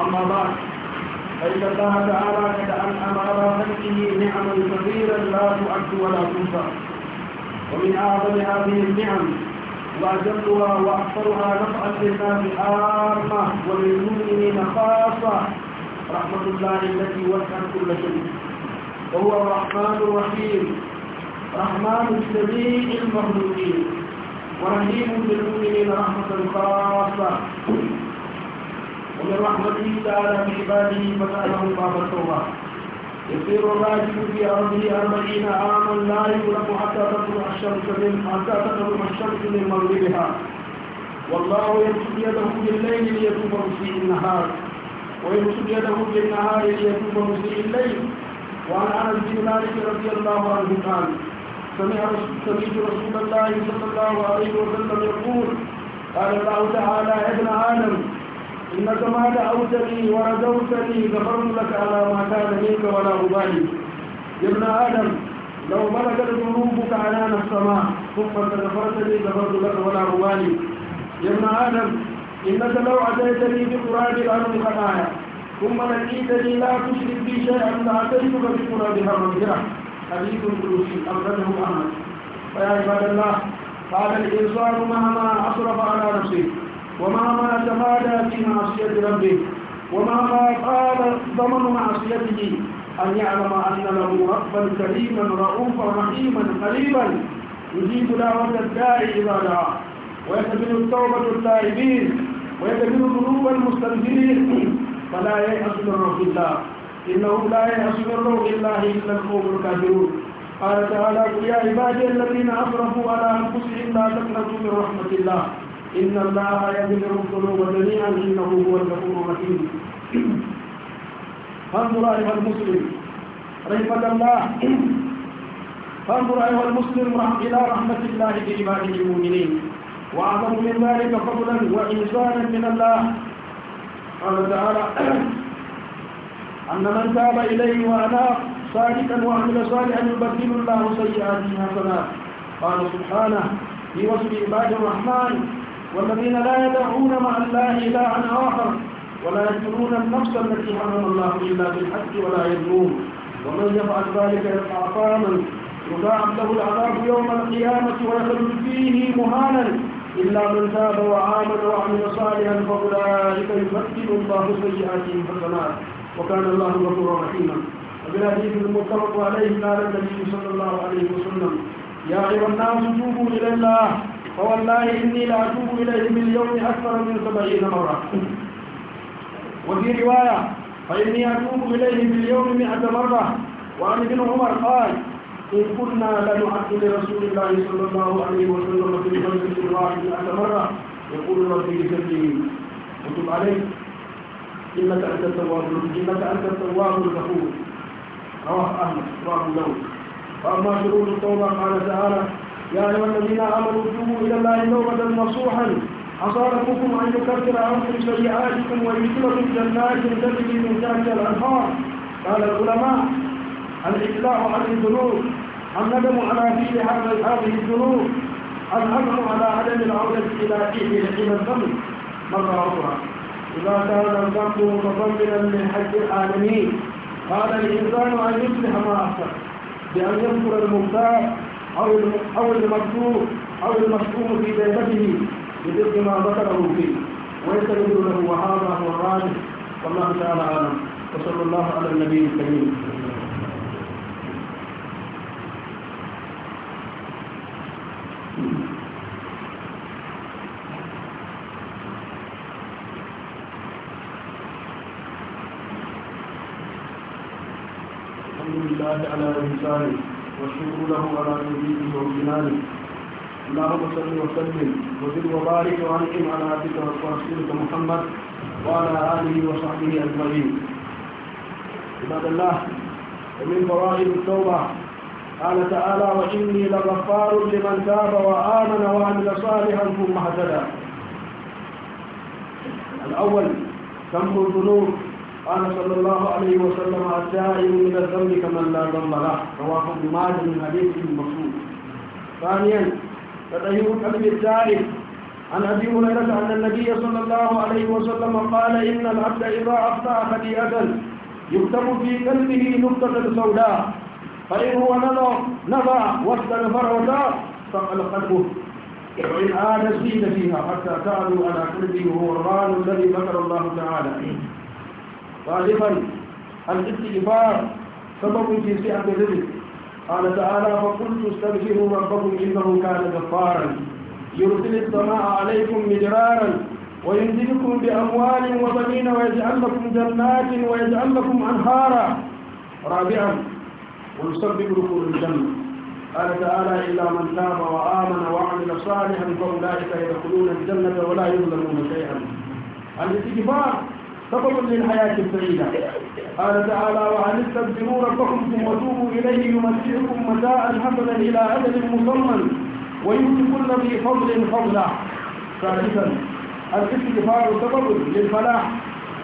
أما بعد فإن الله تعالى قد أنعم على خلقه نعما كثيرا لا تعد ولا تنسى ومن أعظم هذه النعم وأجلها وأكثرها نفعا للناس عامة وللمؤمنين خاصة رحمة الله التي وسعت كل شيء وهو الرحمن الرحيم رحمن جميع المخلوقين ورحيم بالمؤمنين رحمة خاصة برحمته تعالى بعباده فتعلم باب التوبه يصير الراجل في أرضه أربعين عاما لا يغلق حتى تطلع الشمس من حتى تطلع الشمس من مغربها والله يمسك يده بالليل ليتوب مسيء النهار ويمسك يده بالنهار ليتوب مسيء الليل وعن أنس بن مالك رضي الله عنه قال سمع سمعت رسول الله صلى الله عليه وسلم يقول قال الله تعالى يا ابن آدم إنك ما دعوتني ورجوتني غفرت لك على ما كان منك ولا أبالي يا ابن آدم لو بلغت ذنوبك عنان السماء ثم استغفرتني غفرت لك ولا أبالي يا ابن آدم إنك لو أتيتني بقراب الأرض خطايا ثم لقيتني لا تشرك بي شيئا لأتيتك بقرابها مغفرة حديث قدسي أخرجه أحمد فيا عباد الله قال الإنسان مهما أصرف على نفسه وما ما تمادى في معصية ربه وما ما قال ضمن معصيته أن يعلم أن له ربا كريما رؤوفا رحيما قريبا يجيب دعوة الداعي إذا دعاه ويتبين التوبة التائبين ويتبين ذنوب المستنفرين فلا ييأس من روح الله إنه لا ييأس من روح الله إلا القوم الكافرون قال تعالى يا عبادي الذين أسرفوا على أنفسهم لا تقنطوا من رحمة الله إن الله يغفر القلوب جميعا إنه هو الغفور الرحيم فانظر أيها المسلم رحمة الله فانظر أيها المسلم إلى رحمة الله بعباده المؤمنين وأعظم من ذلك فضلا وإنسانا من الله قال تعالى أن من تاب إليه وأناب صادقا وعمل صالحا يبدل الله سيئاته حسنات قال سبحانه في وصف عباد الرحمن والذين لا يدعون مع الله إلها آخر ولا يدعون النفس التي حرم الله إلا بالحق ولا يدعون ومن يفعل ذلك يلقى قاما يضاعف له العذاب يوم القيامة ويخلد فيه مهانا إلا من تاب وعامل وعمل صالحا فأولئك يبدل الله سيئاتهم حسنات وكان الله غفورا رحيما وبالحديث المتفق عليه قال النبي صلى الله عليه وسلم يا أيها الناس توبوا إلى الله فوالله إني لأتوب إليه باليوم أكثر من سبعين مرة وفي رواية فإني أتوب إليه باليوم مئة مرة وعن ابن عمر قال إن كنا لنعد لرسول الله صلى الله عليه وسلم في المسجد الواحد مئة مرة يقول ربي لي وتب عليه إنك أنت التواب إنك أنت التواب الغفور رواه أحمد رواه النووي وأما شروط التوبة قال تعالى يا أيها الذين آمنوا توبوا إلى الله توبة نصوحا ربكم أن يكفر عنكم سيئاتكم ويدخلكم جنات تجري من تحتها الأنهار قال العلماء الإطلاع عن الذنوب الندم على فعل هذه الذنوب الأمر على عدم العودة إلى فعل حين الذنب مرة أخرى إذا كان الذنب متضمنا من حق العالمين قال الإنسان أن يصلح ما أحسن بأن يذكر المختار أو أو المكتوب أو المكتوب في بيته بضد ما ذكره فيه ويستجد له وهذا هو الراجح والله تعالى أعلم وصلى الله على النبي الكريم بإحسانه واشكر له على توفيقه وامتنانه اللهم صل وسلم وزد وبارك وانعم على عبدك ورسولك محمد وعلى آله وصحبه أجمعين عباد الله ومن فوائد التوبة قال تعالى وإني لغفار لمن تاب وآمن وعمل صالحا ثم اهتدى الأول ذنب الذنوب قال صلى الله عليه وسلم السائل من الذنب كمن لا ذنب له رواه ابن ماجه من حديث مسعود ثانيا تطهير القلب الثالث عن ابي هريره ان النبي صلى الله عليه وسلم قال ان العبد اذا اخطا خطيئه يكتب في قلبه نقطه سوداء فان هو نظر نظر واستغفر وتاب فقل قلبه وإن عاد فيها حتى تعلو على قلبه هو الران الذي ذكر الله تعالى غالبا الاستغفار سبب في سعة الرزق قال تعالى فقلت استبشروا ربكم انه كان غفارا يرسل السماء عليكم مدرارا ويمددكم باموال وبنين ويجعل لكم جنات ويجعل لكم انهارا رابعا ويسبب دخول الجنه قال تعالى الا من تاب وامن وعمل صالحا فاولئك يدخلون الجنه ولا يظلمون شيئا الاستغفار سبب للحياة السعيدة قال تعالى وعن استبدلوا ربكم ثم توبوا إليه يمتعكم متاعا حسنا إلى أجل مسمى ويؤتي كل ذي فضل فضله ثالثا الاستغفار سبب للفلاح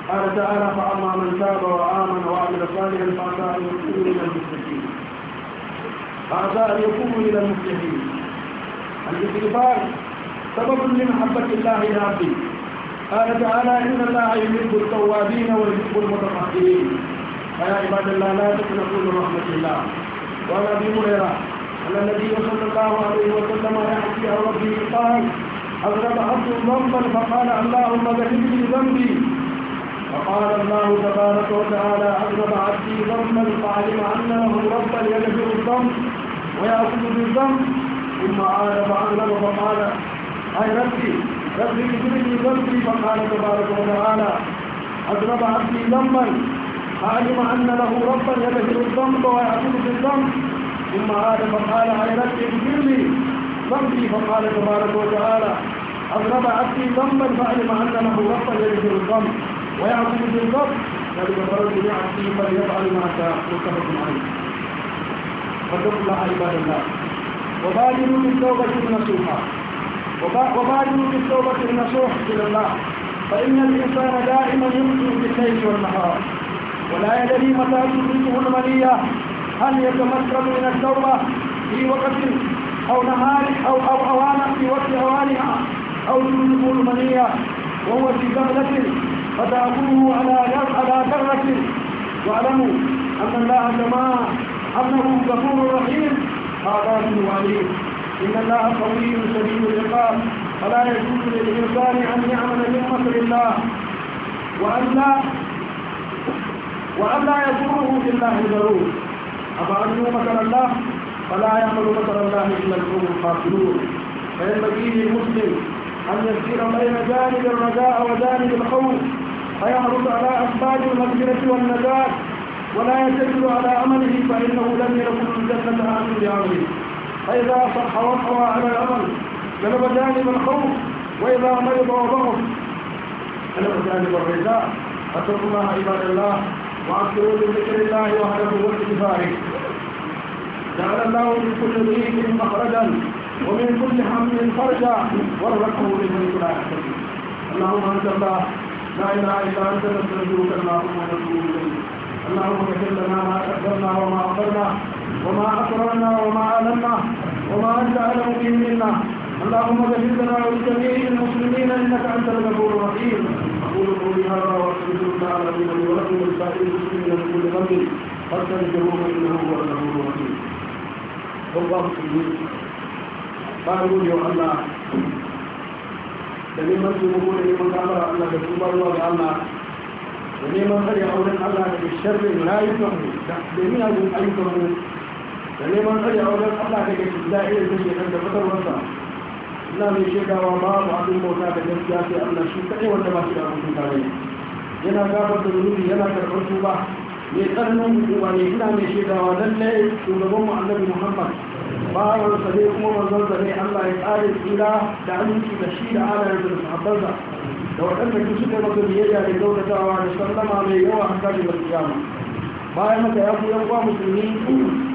قال تعالى فأما من تاب وآمن وعمل صالحا فعسى أن يكون من المفلحين فعسى أن يكون من المفلحين الاستغفار سبب لمحبة الله لعبده قال تعالى إن الله يحب التوابين ويحب المتطهرين فيا عباد الله لا تقنطوا من رحمة الله وعن أبي هريرة أن النبي صلى الله عليه وسلم يحكي عن ربه قال أضرب عبد ذنبا فقال اللهم ذهب لي ذنبي فقال الله تبارك وتعالى أضرب عبدي ذنبا فعلم أنه ربا يدفع الذنب ويأخذ بالذنب ثم عاد فأغلب فقال أي ربي ربي اجرني ذنبي فقال تبارك وتعالى اضرب عبدي ذنبا علم ان له ربا يبهر الذنب ويعبد بالذنب ثم عاد فقال اي ربي اغفر لي ذنبي فقال تبارك وتعالى اضرب عبدي ذنبا فعلم ان له ربا يبهر الذنب ويعبد بالذنب ذلك فرد لعبدي فليفعل ما شاء متفق عليه فاتقوا عباد الله وبادروا بالتوبه النصوحه وبعد بالتوبة النصوح إلى الله فإن الإنسان دائما يمكن بالليل والنهار ولا يدري متى تدركه المنية هل يتمكن من التوبة في وقت أو نهار أو أو أوان في وقت أوانها أو تدركه المنية وهو في جملة فتأخذه على على ذرة واعلموا أن الله كما أنه غفور رحيم هذا من عليم إن الله قوي شديد العقاب فلا يجوز للإنسان أن يعمل من قدر الله وأن لا وأن لا يزوره بالله ضرور أفعلوا مكر الله فلا يعمل مكر الله إلا القوم الخاسرون فينبغي للمسلم أن يسير بين جانب الرجاء وجانب الخوف فيحرص على أسباب المغفرة والنجاة ولا يتكل على عمله فإنه لم يكن الجنة آمن بعمله فإذا صح وقع على الأمل جلب جانب الخوف وإذا مرض وضعف جلب جانب الرجاء فاتقوا الله عباد الله وأكثروا بذكر الله وحده واستغفاره جعل الله من كل ضيق مخرجا ومن كل هم فرجا وارزقه بمن كل يحتسب اللهم انت الله لا اله الا انت نستغفرك اللهم ونتوب اليك اللهم اغفر لنا ما اكبرنا وما اخرنا وما أكرمنا وما أعلنا وما أنت أعلم به منا اللهم جهدنا ولجميع المسلمين إنك أنت الغفور الرحيم أقول قولي هذا وأستغفر الله العظيم لي ولكم ولسائر المسلمين من كل ذنب فاستغفروه إنه هو الغفور الرحيم والله سبحانه قالوا يا الله da neman taimako da neman gamar الله da الله ruwa الله Allah da neman tsari a wurin Allah da sharrin rayukanmu da miyagun da neman tsari a wajen Allah daga cuta irin take nan da fitarwarsa ina mai shekawa babu abin bauta da gaskiya sai Allah shi kaɗai wanda ba shi da abokin tare yana gabar da zunubi yana karɓar tuba mai tsananin hukuma ne ina mai shekawa lallai shugabanmu annabi Muhammad a sa ne kuma manzon sa ne Allah ya tsare tsira da aminci da shi da alayen da sahabbansa da waɗanda su suka masa biyayya da gautatawa da sallama mai yawa a kafin kiyama bayan haka ya ku yan kwa musulmi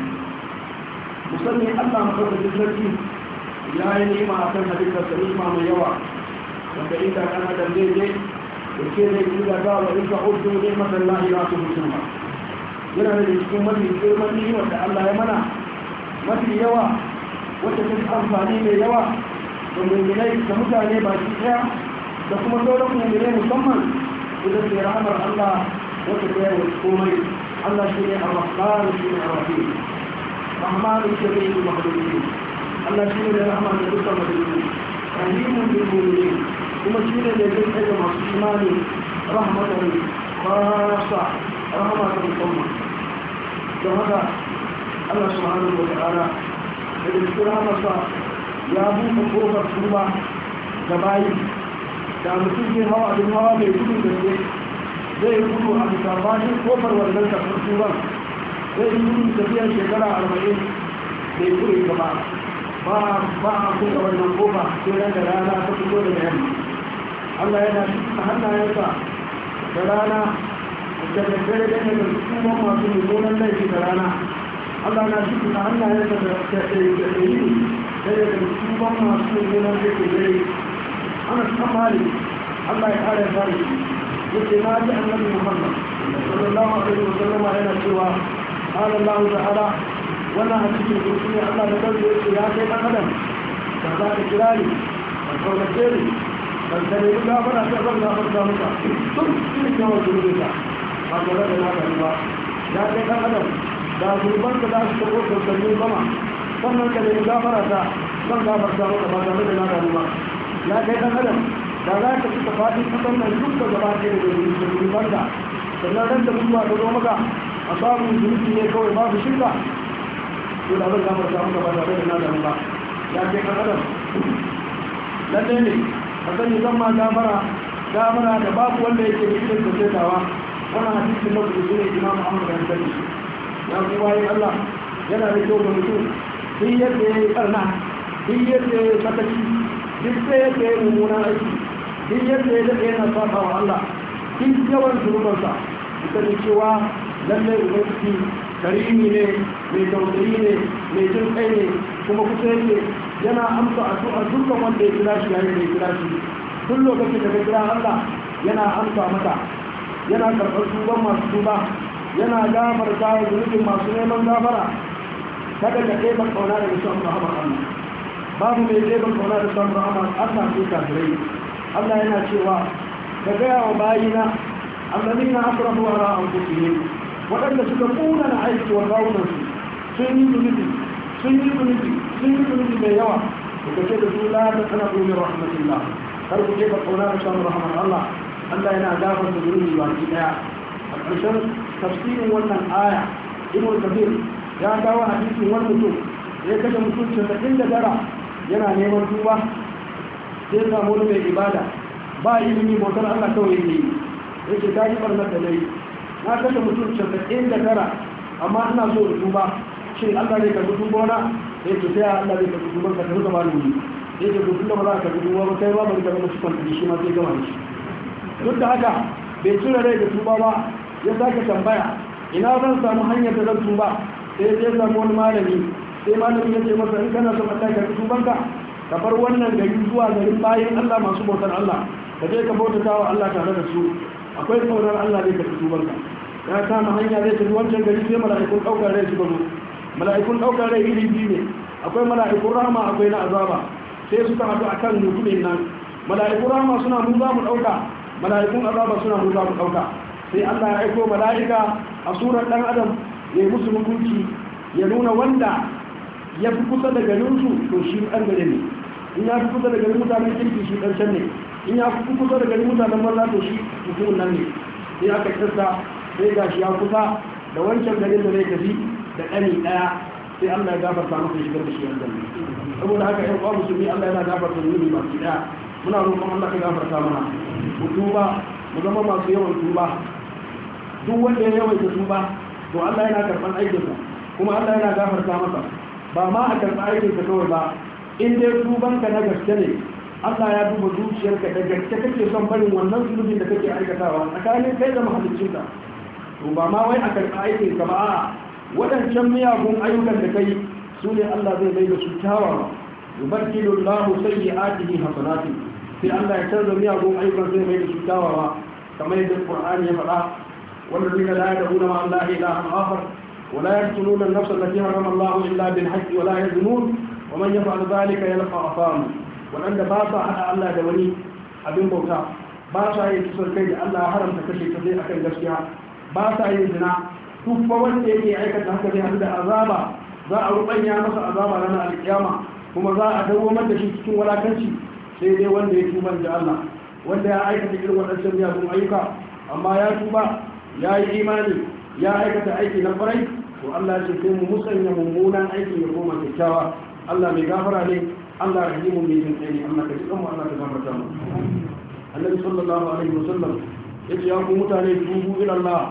sani allah maɗaukakin sarki ya yi nema a kan halittar da nima mai yawa wanda inda kana da zai ne da ke zai yi da ba wa inda hudu ne matan lahira su mutum ba yana da cikin mafi girman ni'imar da allah ya mana mafi yawa wata ta amfani mai yawa da mummunai da mutane ba shi ɗaya da kuma sauran mummunai musamman idan ke rahamar allah wata ta yawa komai allah shi ne a rahman shi ne a rahim amma da ke da yi makarunci Allah shi ne da rahama da dukkan makarunci rahimun bin bulmi kuma shi ne da zai tsaye masu shimani rahama da rai kwasa rahama da musamman don haka Allah shi ma'anar da ta'ala da da cikin rahama sa ya buɗe kofar turba da bayi da mutum ke hawa da hawa mai gudu da zai zai gudu a misafashin kofar wannan kafin turban Sai yi tafiya shekara arba'in bai kure gaba, ba ba ba a kuka wannan kofa sai ran da rana ta fito daga yamma Allah yana cikin hannayensa da rana da daddare da daga kuma masu mummunan laifi da rana Allah na cikin hannayensa da tsaye da daga kuma masu mummunan laifi da dare ana cikin mali Allah ya kare fari yake na ji annabi Muhammad sallallahu alaihi wa sallama yana cewa قال الله تعالى وانا حديث الكرسي الله بدل يا سيدنا ادم فذاك كرالي فقول كيري فالسليم لا فلا تقبل لا فرد ثم تلك وجودك هكذا لا تقبل يا سيدنا ادم da zurban da za su tabo da sanyin sama sannan ka nemi gafara da zan gafarta maka ba tare da na damu ba ya kai dan adam da za ka ci ka faɗi kasan nan duk da gaba ɗaya da zurban da sannan ran da mutuwa ta zo a samun zunubi ne kawai babu shirka to da zan gafarta maka ba tare da na damu ba ya kai ka adam lalle ne a sani zan ma gafara gafara da babu wanda yake da irin da zaidawa wannan hadisin na kudu ne imam muhammad bin sani ya kuma yin allah yana da kyau ga mutum duk yadda ya yi karna duk yadda ya yi sakaci duk yadda ya yi mummunan aiki duk yadda ya daɗe yana saba wa allah duk yawan zunubansa ita ne cewa lallai ubangiji karimi ne mai tausayi ne mai jin kai ne kuma kusa yake yana amsa addu'a dukkan wanda ya kira shi yayin da ya kira shi duk lokacin da ka kira Allah yana amsa mata yana karɓar tuban masu tuba yana ta da zunubin masu neman gafara kada ka ɗeba ƙauna da nisan rahama babu mai ɗeba ƙauna da nisan rahama Allah sai kafirai Allah yana cewa ka gaya wa bayina annabina asrafu ala anfusihim waɗanda suka kuna na aiki wa kawunan su sun yi zunubi sun yi sun yi mai yawa ku kace da su la ta kana dole rahmatullah kar ku jefa kauna da samun rahmar Allah Allah yana gafar da zunubi baki daya a ƙarshen tafsirin wannan aya ibn kabir ya kawo hadisin wani mutum ya kashe mutuncin da dara yana neman duba sai samu wani mai ibada ba ilimi bautar Allah kawai ne yake ta yi barnar da na yi na kashe mutum casa'in da tara amma ina so da tuba shin allah ne ka gudu bona na ya ce sai allah ne ka gudu bona ka tafi zama ne. ya ce gudu tunda ba za ka bi tuba ba kai ba bari ka zama shi kwanta shi ma sai gama shi duk da haka bai cire rai da tuba ba ya sake tambaya ina zan samu hanyar da zan tuba sai sai samu wani malami sai malami ya ce masa in kana son allah ka gudu tubanka ka bar wannan gari zuwa garin bayan allah masu bautar allah ka je ka bautata wa allah tare da su akwai tsoron Allah ne tafi tubar ka ya kama hanya zai tafi wancan gari sai mala'ikun ɗaukar rai suka zo mala'ikun ɗaukar rai iri biyu ne akwai mala'ikun rahama akwai na azaba sai suka haɗu a kan mutumin nan mala'ikun rahama suna mun za mu ɗauka mala'ikun azaba suna mun za mu ɗauka sai Allah ya aiko mala'ika a surar ɗan adam ya yi musu hukunci ya nuna wanda ya fi kusa da garinsu to shi ɗan gare ne in ya fi kusa da garin mutanen kirki shi ɗan can ne in ya kusa kusa da gani mutanen maza to shi mutumin nan ne sai aka kasa sai ga shi ya kusa da wancan garin da zai tafi da ɗani ɗaya sai Allah ya gafarta masa shigar da shi yanzu. saboda haka yan kwa musulmi Allah yana gafarta zunubi masu ɗaya muna roƙon Allah ka gafarta mana mu tuba mu zama masu yawan tuba duk wanda ya yawaita tuba to Allah yana karɓar aikinsa kuma Allah yana gafarta masa ba ma a karɓar aikinsa kawai ba in dai tubanka na gaske ne Allah ya duba zuciyarka da gaske kake son barin wannan zunubin da kake aikatawa tsakanin kai da mahaliccinka to ba ma wai a karɓa aikin ka ba a waɗancan miyagun ayyukan da kai su ne Allah zai bai da su kyawawa yubaddilu Allahu sayyi'atihi hasanati sai Allah ya canza miyagun ayyukan zai bai da su ba. kamar yadda Qur'ani ya faɗa والذين لا يدعون مع الله إلها آخر ولا يقتلون النفس التي حرم الله إلا بالحق ولا يزنون ومن يفعل ذلك يلقى أثاما waɗanda ba sa haɗa Allah da wani abin bauta ba sa yin kisar kai da Allah haramta kashe ta zai akan gaskiya ba sa yin zina duk ba wanda yake aikata haka zai da azaba za a rubanya masa azaba ranar alkiyama kuma za a dawwamar da shi cikin walakanci sai dai wanda ya tuba da Allah wanda ya aikata irin waɗancan miyagun ayyuka amma ya tuba ya yi imani ya aikata aiki na kwarai to Allah ya ce sai mu musanya mummunan aiki ya koma kyakkyawa Allah mai gafara ne Allah rahimun ne jin kai Allah ka ji kanmu Allah ka gafarta mu Annabi sallallahu alaihi wasallam yace ya ku mutane tubu ila Allah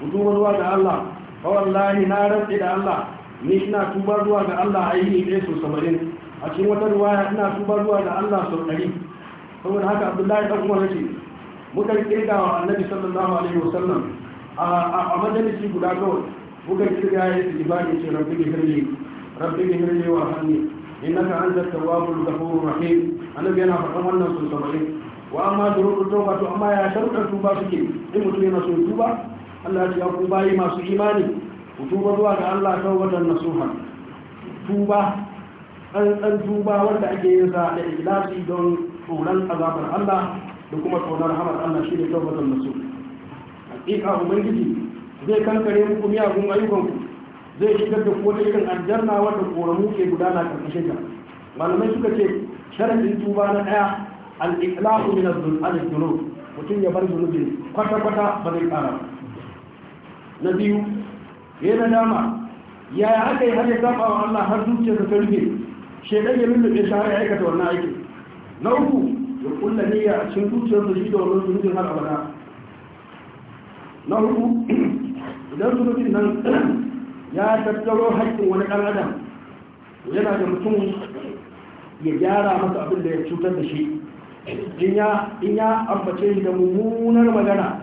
ku tuba zuwa ga Allah fa wallahi na rantsi da Allah ni ina tuba zuwa ga Allah ayi ne so 70 a cikin wata ruwaya ina tuba zuwa ga Allah so 100 saboda haka Abdullahi dan Umar yace muka kirga wa Annabi sallallahu alaihi wasallam a majalisi guda kawai muka kirga ya yi ibadi ce rabbi gifirli rabbi gifirli wa hanni innaka anta tawwabur ghafurur rahim annabi yana faɗa wannan sun tabbai wa amma duruku tauba to amma ya sharuɗa tuba suke in mutum yana so tuba Allah ce ku bayi masu imani ku tuba zuwa ga Allah tawbatan nasuha tuba dan dan tuba wanda ake yin sa da ikhlasi don tsoron azabar Allah da kuma tsoron rahmar Allah shine tawbatan nasuha hakika ubangiji zai kankare muku miyagun ku. zai shigar da ko cikin aljanna wanda koramu ke gudana karkashin ta malamai suka ce sharadin tuba na daya al iqlaqu min az-dhunub mutum ya bar zunubi kwata kwata ba zai kara na biyu yana dama yaya aka yi har ya saba wa Allah har zuciyarsa ta rufe shedan ya lullube shi har ya aikata wannan aiki na uku ya kulla niyya a cikin da shi da wannan zunubin har abada na hudu idan zunubin nan ya tattaro haƙƙin wani ɗan adam yana da mutum ya gyara masa abin da ya cutar da shi in ya ambace shi da mummunar magana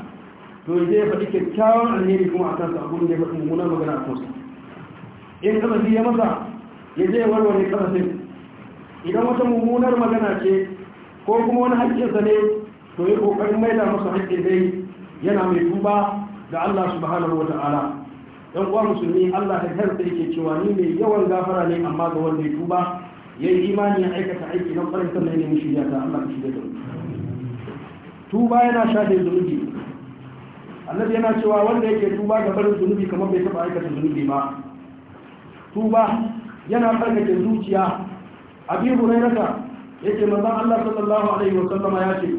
to zai faɗi kyakkyawan alheri kuma a kansa abin da ya faɗi mummunar magana a kansa in ƙasashe ya masa ya zai warware sai idan wata mummunar magana ce ko kuma wani haƙƙinsa ne to ya ƙoƙarin maida masa haƙƙin dai yana mai tuba da Allah subhanahu wa ta'ala Don uwa musulmi Allah da kansa yake cewa ni mai yawan gafara ne amma ga wanda ya tuba yayi imani ya aikata aiki na kwarin sannan ne mushi ya ta Allah ka shirya da tuba yana shafe zunubi annabi yana cewa wanda yake tuba ga barin zunubi kamar bai taba aikata zunubi ba tuba yana farkace zuciya abi hurairata yake manzon Allah sallallahu alaihi wa ya ce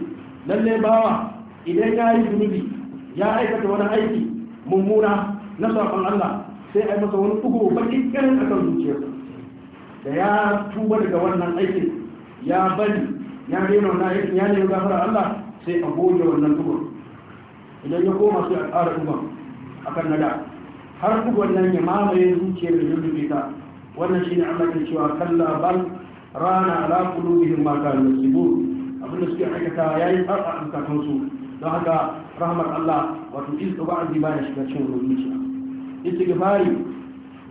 lalle bawa idan ya yi zunubi ya aikata wani aiki mummuna na saƙon Allah sai a masa wani bugu bakin a akan zuciya da ya tuba daga wannan aikin ya bari ya rena wannan aiki ya nemi gafara Allah sai a goge wannan ugu idan ya koma sai a ƙara bugun akan nada har ku wannan ya mamaye zuciyar da zuciya bita wannan shine Allah ke cewa kalla bal rana ala qulubihim ma kanu yasibun abinda suke aikata ya yi tsarka a kansu don haka rahmar Allah wato izu ba a ba ya shiga cin rubuciya istighfari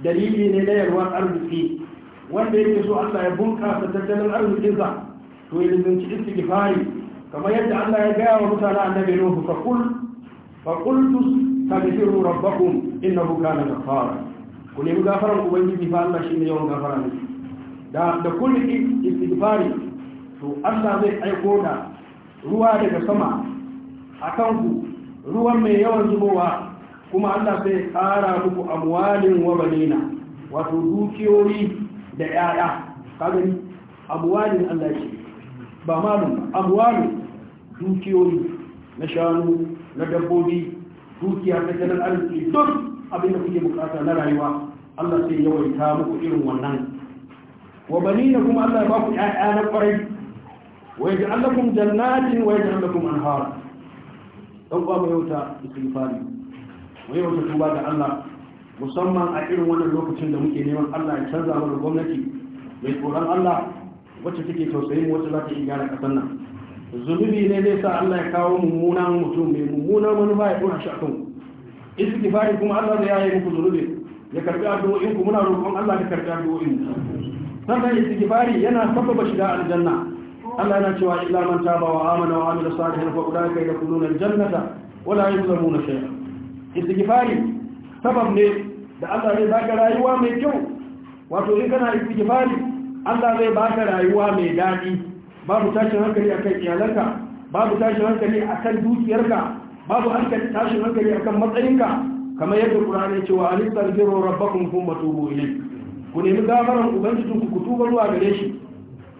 dalili ne na yarwar arziki wanda yake so Allah ya bunkasa tattalin arzikinsa to ya lizinci istighfari kamar yadda Allah ya gaya wa mutane annabi Nuhu fa kul fa qultu taghfiru rabbakum innahu kana ghafar ku nemi gafaran ubangiji fa Allah shine yawan gafara ne da da kulli istighfari to Allah zai aiko da ruwa daga sama akan ku ruwan mai yawan zubowa kuma Allah sai tsara muku amwalin wa banina wato dukiyoyi da 'ya'ya. kaga ni amwalin Allah shi ba malum amwalin dukiyoyi na shanu na dabbobi dukiya ta janar arziki duk abinda kuke bukata na rayuwa Allah sai yawaita muku irin wannan wa banina kuma Allah ya ba ku ƴaƴa na ƙwarai wa yaj'al lakum jannatin wa yaj'al lakum anhara dan ba mu yauta istighfari mu yi yau tuba ga Allah musamman a irin wannan lokacin da muke neman Allah ya canza mana gwamnati mai tsoron Allah wacce take tausayin wacce za ta yi gyara ƙasar nan zunubi ne zai sa Allah ya kawo mummunan mutum mai mummunan manufa ya dora shi a kanku istighfari kuma Allah zai yaye muku zunubi ya karbi addu'o'in ku muna roƙon Allah ya karbi addu'o'in sannan istighfari yana sababa shiga aljanna Allah yana cewa illa man taba wa amana wa amila salihan fa ulaika yadkhuluna aljannata wala yuzlamuna shay'a istighfari sabab ne da Allah zai baka rayuwa mai kyau wato in kana istighfari Allah zai baka rayuwa mai dadi babu tashin hankali akan iyalanka babu tashin hankali akan dukiyarka babu hankali tashin hankali akan matsayinka kamar yadda Qur'ani ya ce wa alistaghfiru rabbakum thumma tubu ilayhi ku nemi gafaran ubangijin ku tuba zuwa gare shi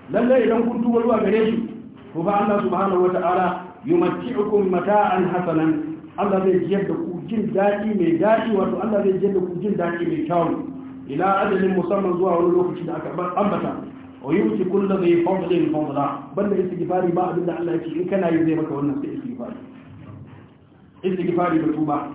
lallai idan kun tuba zuwa gare shi ko ba Allah subhanahu wata'ala yumatti'ukum mata'an hasanan Allah zai jiyar da ku jin daɗi mai daɗi wato Allah zai jin da ku jin daɗi mai kyau ila adalin musamman zuwa wani lokaci da aka ambata wa yuti kullu zai fadlin fadla banda istighfari ba abin da Allah yake in kana yi zai maka wannan sai istighfari istighfari da tuba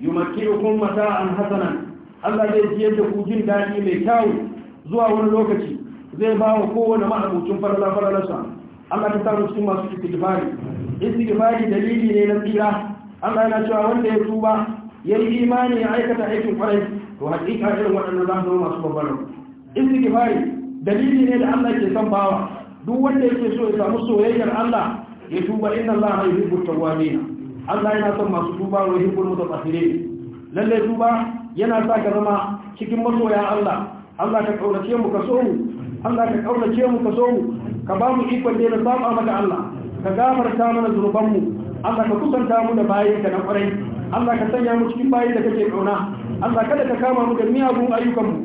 yumakkinukum mata'an hasanan Allah zai ji da ku jin daɗi mai kyau zuwa wani lokaci zai ba wa kowane ma'abucin farla farlarsa Allah ta samu cikin masu istighfari istighfari dalili ne na tsira Allah yana cewa wanda ya tuba ya yi imani ya aikata aikin kwarai to hakika irin waɗannan za su zama masu babbar istighfari dalili ne da Allah ke son bawa duk wanda yake so ya samu soyayyar Allah ya tuba inna Allah yuhibbu tawwabin Allah yana son masu tuba wa yuhibbu mutatahhirin lalle tuba yana sa ka zama cikin masoya Allah Allah ka kaunace mu ka so mu Allah ka kaunace mu ka so mu ka ba mu ikon da na saba maka Allah ka gafarta mana mu. Allah ka kusanta mu da bayan ka na kwarai Allah ka sanya mu cikin bayan da kake kauna Allah kada ka kama mu da miyagun ayyukan mu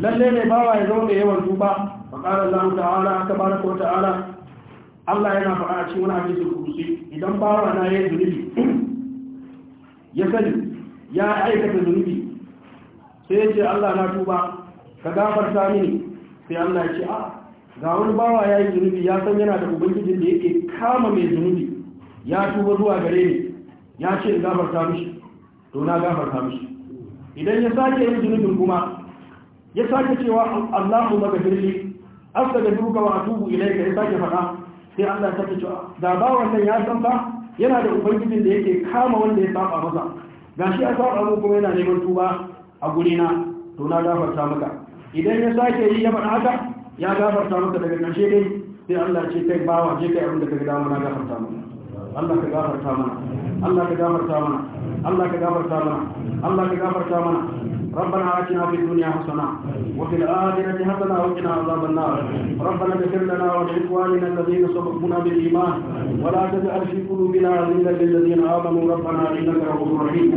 lalle ne bawa ya zama da yawan tuba. fa qala Allah ta'ala tabaraka wa ta'ala Allah yana faɗa a cikin wani hadisi kudusi idan bawa na yayin zunubi ya sani ya aikata zunubi sai ce Allah na tuba ka gafarta mini sai Allah ya ce a ah, ga wani bawa ya yi zunubi ya san yana da ubangijin da yake kama mai zunubi ya tuba zuwa gare ni ya ce in gafarta mishi to na gafarta mishi idan ya sake yin zunubin kuma ya sake cewa Allahu magafirli astaghfiruka wa atubu ilayka ya sake faɗa sai Allah ya sake cewa da ba wannan ya san fa yana da ubangijin da yake kama wanda ya saba masa gashi ya saba mu kuma yana neman tuba a guri na to na gafarta maka idan ya sake yi ya faɗa haka ya gafarta maka daga ƙarshe dai sai Allah ce kai bawa je kai abin da ka ga dama na gafarta maka Allah ka gafarta mana Allah ka gafarta mana Allah ka gafarta mana Allah ka gafarta mana ربنا آتنا في الدنيا حسنة وفي الآخرة حسنة وقنا عذاب النار ربنا اغفر لنا ولإخواننا الذين سبقونا بالإيمان ولا تجعل في قلوبنا غلا للذين آمنوا ربنا إنك رؤوف رحيم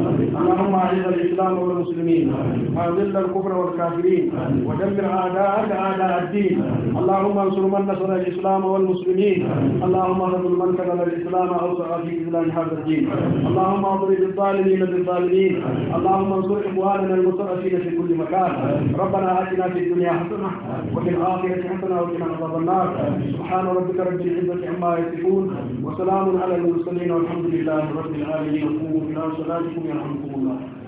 اللهم أعز الإسلام والمسلمين وأذل الكفر والكافرين ودمر أعداءك أعداء الدين اللهم انصر من نصر الإسلام والمسلمين اللهم انصر من كذب الإسلام أو في إسلام هذا الدين اللهم اضرب الظالمين بالظالمين اللهم انصر إخواننا المسلمين المتقين في كل مكان ربنا آتنا في الدنيا حسنة وفي الآخرة حسنة وقنا عذاب النار سبحان ربك رب العزة عما يصفون وسلام على المرسلين والحمد لله رب العالمين وقوموا إلى صلاتكم يرحمكم الله